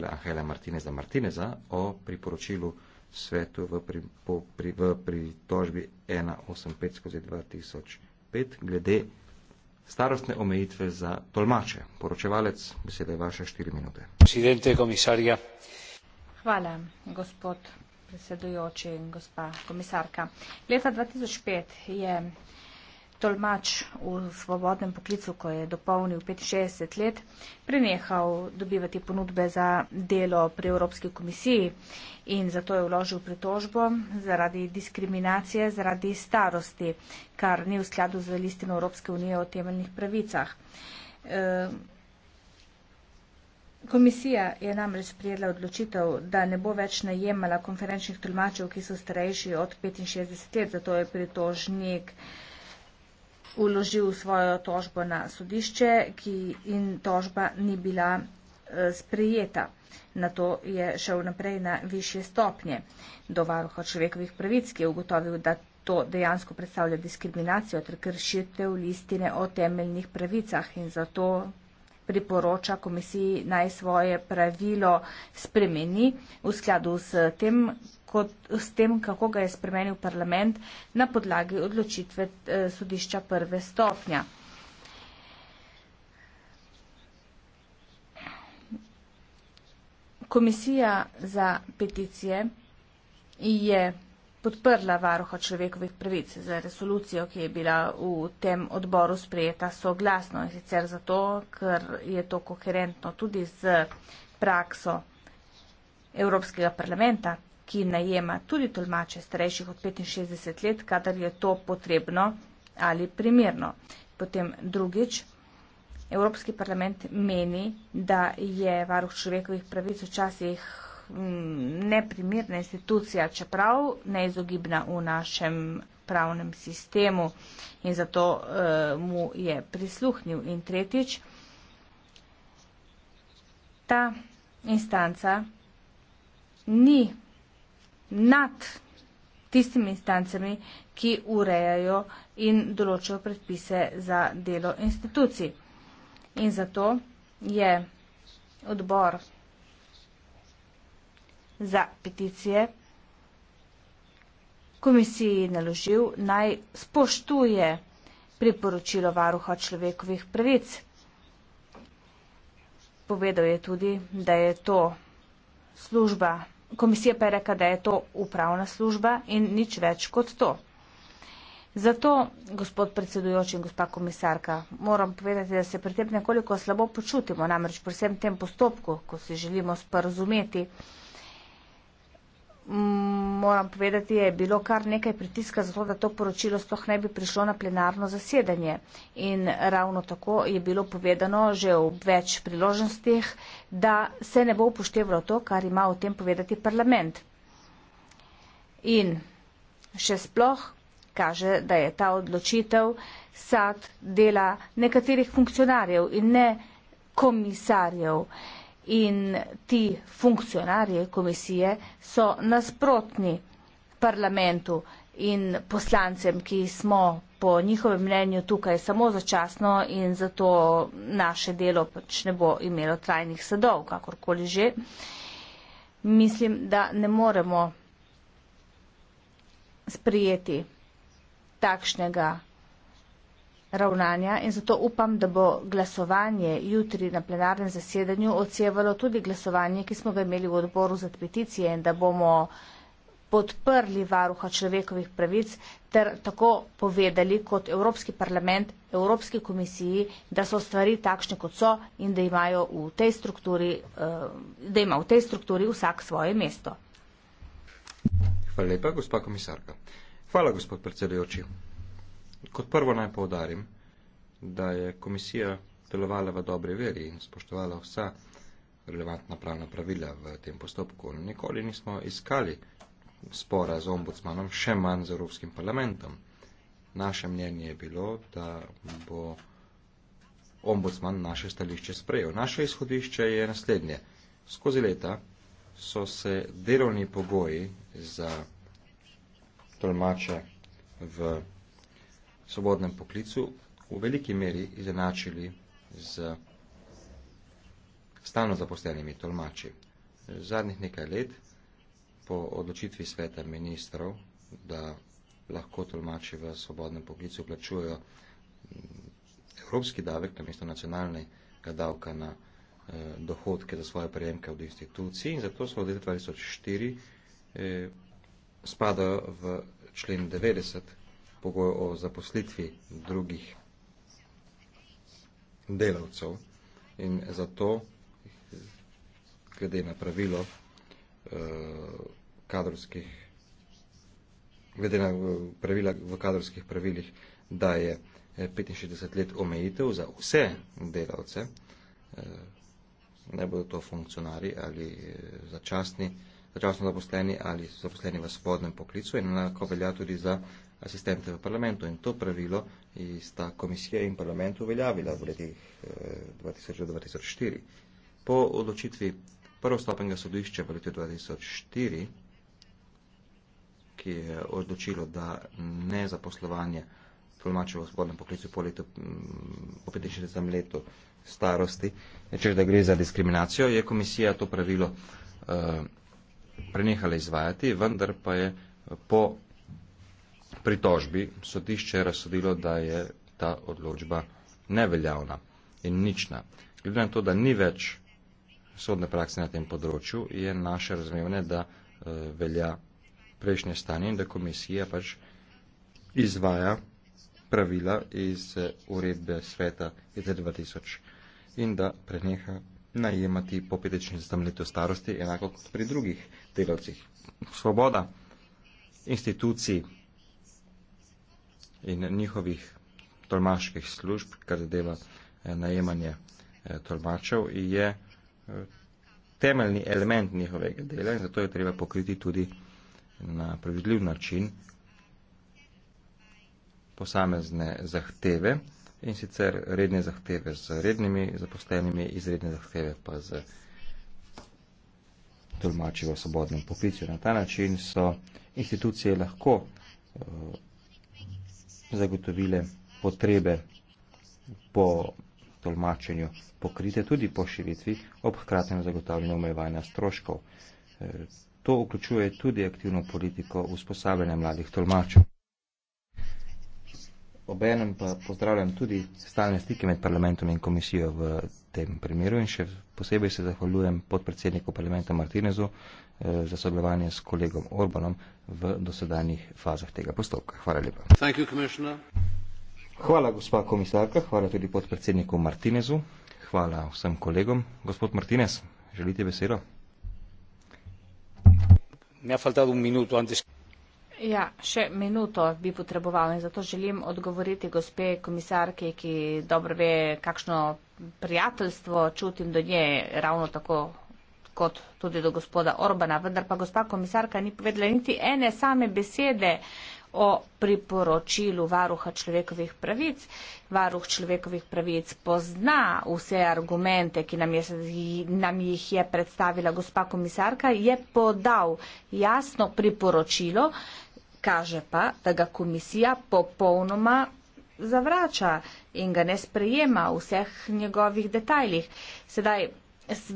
Ahela Martineza Martineza o priporočilu svetu v, pri, po, pri, v pritožbi 185 skozi 2005 glede starostne omejitve za tolmače. Poročevalec, beseda je vaša štiri minute. Presidente, komisarja. Hvala, gospod predsedujoči in gospa komisarka. Leta 2005 je tolmač v svobodnem poklicu, ko je dopolnil 65 let, prenehal dobivati ponudbe za delo pri Evropski komisiji in zato je vložil pritožbo zaradi diskriminacije, zaradi starosti, kar ni v skladu z listino Evropske unije o temeljnih pravicah. E, komisija je namreč sprijedla odločitev, da ne bo več najemala konferenčnih tolmačev, ki so starejši od 65 let, zato je pritožnik vložil svojo tožbo na sodišče ki, in tožba ni bila eh, sprejeta. Na to je šel naprej na više stopnje do varuha človekovih pravic, ki je ugotovil, da to dejansko predstavlja diskriminacijo ter kršitev listine o temeljnih pravicah in zato priporoča komisiji naj svoje pravilo spremeni v skladu s tem, kot, s tem kako ga je spremenil parlament na podlagi odločitve eh, sodišča prve stopnja. Komisija za peticije je podprla varuha človekovih pravic za resolucijo, ki je bila v tem odboru sprejeta soglasno in sicer zato, ker je to koherentno tudi z prakso Evropskega parlamenta, ki najema tudi tolmače starejših od 65 let, kadar je to potrebno ali primerno. Potem drugič, Evropski parlament meni, da je varuh človekovih pravic včasih neprimerna institucija, čeprav neizogibna v našem pravnem sistemu in zato uh, mu je prisluhnil. In tretjič, ta instanca ni nad tistimi instancami, ki urejajo in določajo predpise za delo institucij. In zato je odbor za peticije komisiji naložil naj spoštuje priporočilo varuha človekovih pravic. Povedal je tudi, da je to služba, komisija pa je rekla, da je to upravna služba in nič več kot to. Zato, gospod predsedujoči in gospa komisarka, moram povedati, da se pri tem nekoliko slabo počutimo, namreč pri vsem tem postopku, ko se želimo sporozumeti, moram povedati, je bilo kar nekaj pritiska za to, da to poročilo sploh ne bi prišlo na plenarno zasedanje. In ravno tako je bilo povedano že v več priložnostih, da se ne bo upoštevalo to, kar ima o tem povedati parlament. In še sploh kaže, da je ta odločitev sad dela nekaterih funkcionarjev in ne komisarjev in ti funkcionarji komisije so nasprotni parlamentu in poslancem, ki smo po njihovem mnenju tukaj samo začasno in zato naše delo pač ne bo imelo trajnih sadov, kakorkoli že. Mislim, da ne moremo sprijeti takšnega ravnanja in zato upam, da bo glasovanje jutri na plenarnem zasedanju odsevalo tudi glasovanje, ki smo ga imeli v odboru za peticije in da bomo podprli varuha človekovih pravic ter tako povedali kot Evropski parlament, Evropski komisiji, da so stvari takšne, kot so in da, imajo v tej eh, da ima v tej strukturi vsak svoje mesto. Hvala lepa, gospa komisarka. Hvala, gospod predsedujoči. Kot prvo naj povdarim, da je komisija delovala v dobri veri in spoštovala vsa relevantna pravna pravila v tem postopku. Nikoli nismo iskali spora z ombudsmanom, še manj z Evropskim parlamentom. Naše mnenje je bilo, da bo ombudsman naše stališče sprejel. Naše izhodišče je naslednje. Skozi leta so se delovni pogoji za tolmače v svobodnem poklicu v veliki meri izenačili z stalno zaposlenimi tolmači. Zadnjih nekaj let, po odločitvi sveta ministrov, da lahko tolmači v svobodnem poklicu plačujejo evropski davek namesto nacionalnega davka na eh, dohodke za svoje prejemke od institucij in zato so od leta 2004 eh, spadajo v člen 90 pogoj o zaposlitvi drugih delavcev in zato glede na pravilo eh, kadrovskih glede na eh, pravila v kadrovskih pravilih da je 65 let omejitev za vse delavce eh, ne bodo to funkcionari ali začasni začasno zaposleni ali zaposleni v spodnem poklicu in enako velja tudi za asistente v parlamentu in to pravilo sta komisija in parlament uveljavila v letih 2004. Eh, po odločitvi prvostopenega sodišča v letu 2004, ki je odločilo, da ne zaposlovanje tolmačev v spodnem poklicu po letu, mm, po 65 letu starosti, če da gre za diskriminacijo, je komisija to pravilo uh, prenehala izvajati, vendar pa je po pritožbi sodišče je razsodilo, da je ta odločba neveljavna in nična. Glede na to, da ni več sodne prakse na tem področju, je naše razumevanje, da uh, velja prejšnje stanje in da komisija pač izvaja pravila iz eh, uredbe sveta iz 2000 in da preneha najemati po 50 letu starosti, enako kot pri drugih delavcih. Svoboda instituciji in njihovih tolmaških služb, kar zadeva eh, najemanje eh, tolmačev, je eh, temeljni element njihovega dela in zato je treba pokriti tudi na pravidljiv način posamezne zahteve in sicer redne zahteve z rednimi zaposlenimi, izredne zahteve pa z tolmači v svobodnem poklicu. Na ta način so institucije lahko uh, zagotovile potrebe po tolmačenju pokrite tudi po širitvi ob hkratnem zagotavljanju omejevanja stroškov. E, to vključuje tudi aktivno politiko usposabljanja mladih tolmačev obenem pa pozdravljam tudi stalne stike med parlamentom in komisijo v tem primeru in še posebej se zahvaljujem podpredsedniku parlamenta Martinezu eh, za sodelovanje s kolegom Orbanom v dosedanjih fazah tega postopka. Hvala lepa. You, hvala gospa komisarka, hvala tudi podpredsedniku Martinezu, hvala vsem kolegom. Gospod Martinez, želite besedo? Me ha faltado un minuto antes. Ja, še minuto bi potreboval in zato želim odgovoriti gospe komisarke, ki dobro ve, kakšno prijateljstvo čutim do nje, ravno tako kot tudi do gospoda Orbana. Vendar pa gospa komisarka ni povedala niti ene same besede o priporočilu varuha človekovih pravic. Varuh človekovih pravic pozna vse argumente, ki nam, je, nam jih je predstavila gospa komisarka, je podal jasno priporočilo, kaže pa, da ga komisija popolnoma zavrača in ga ne sprejema v vseh njegovih detajlih. Sedaj,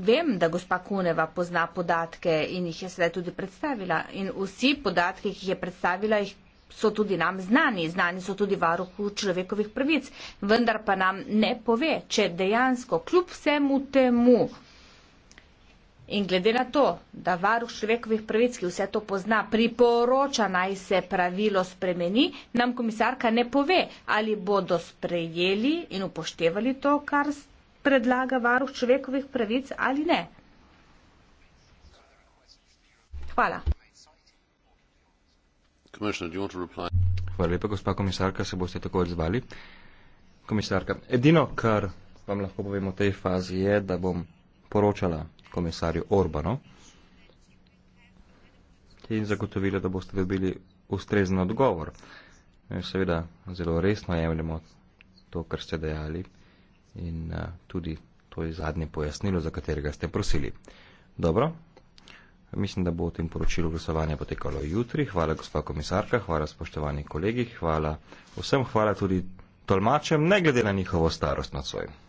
vem, da gospa Kuneva pozna podatke in jih je sedaj tudi predstavila in vsi podatki, ki jih je predstavila, jih so tudi nam znani, znani so tudi varuhu človekovih pravic, vendar pa nam ne pove, če dejansko kljub vsemu temu In glede na to, da varuh človekovih pravic, ki vse to pozna, priporoča naj se pravilo spremeni, nam komisarka ne pove, ali bodo sprejeli in upoštevali to, kar predlaga varuh človekovih pravic ali ne. Hvala. Hvala lepa, gospa komisarka, se boste tako odzvali. Komisarka, edino, kar vam lahko povem v tej fazi je, da bom poročala komisarju Orbano in zagotovila, da boste dobili ustrezen odgovor. Eh, seveda, zelo resno jemljamo to, kar ste dejali in eh, tudi to je zadnje pojasnilo, za katerega ste prosili. Dobro, mislim, da bo v tem poročilu glasovanja potekalo jutri. Hvala, gospa komisarka, hvala spoštovani kolegi, hvala vsem, hvala tudi tolmačem, ne glede na njihovo starost nad svojim.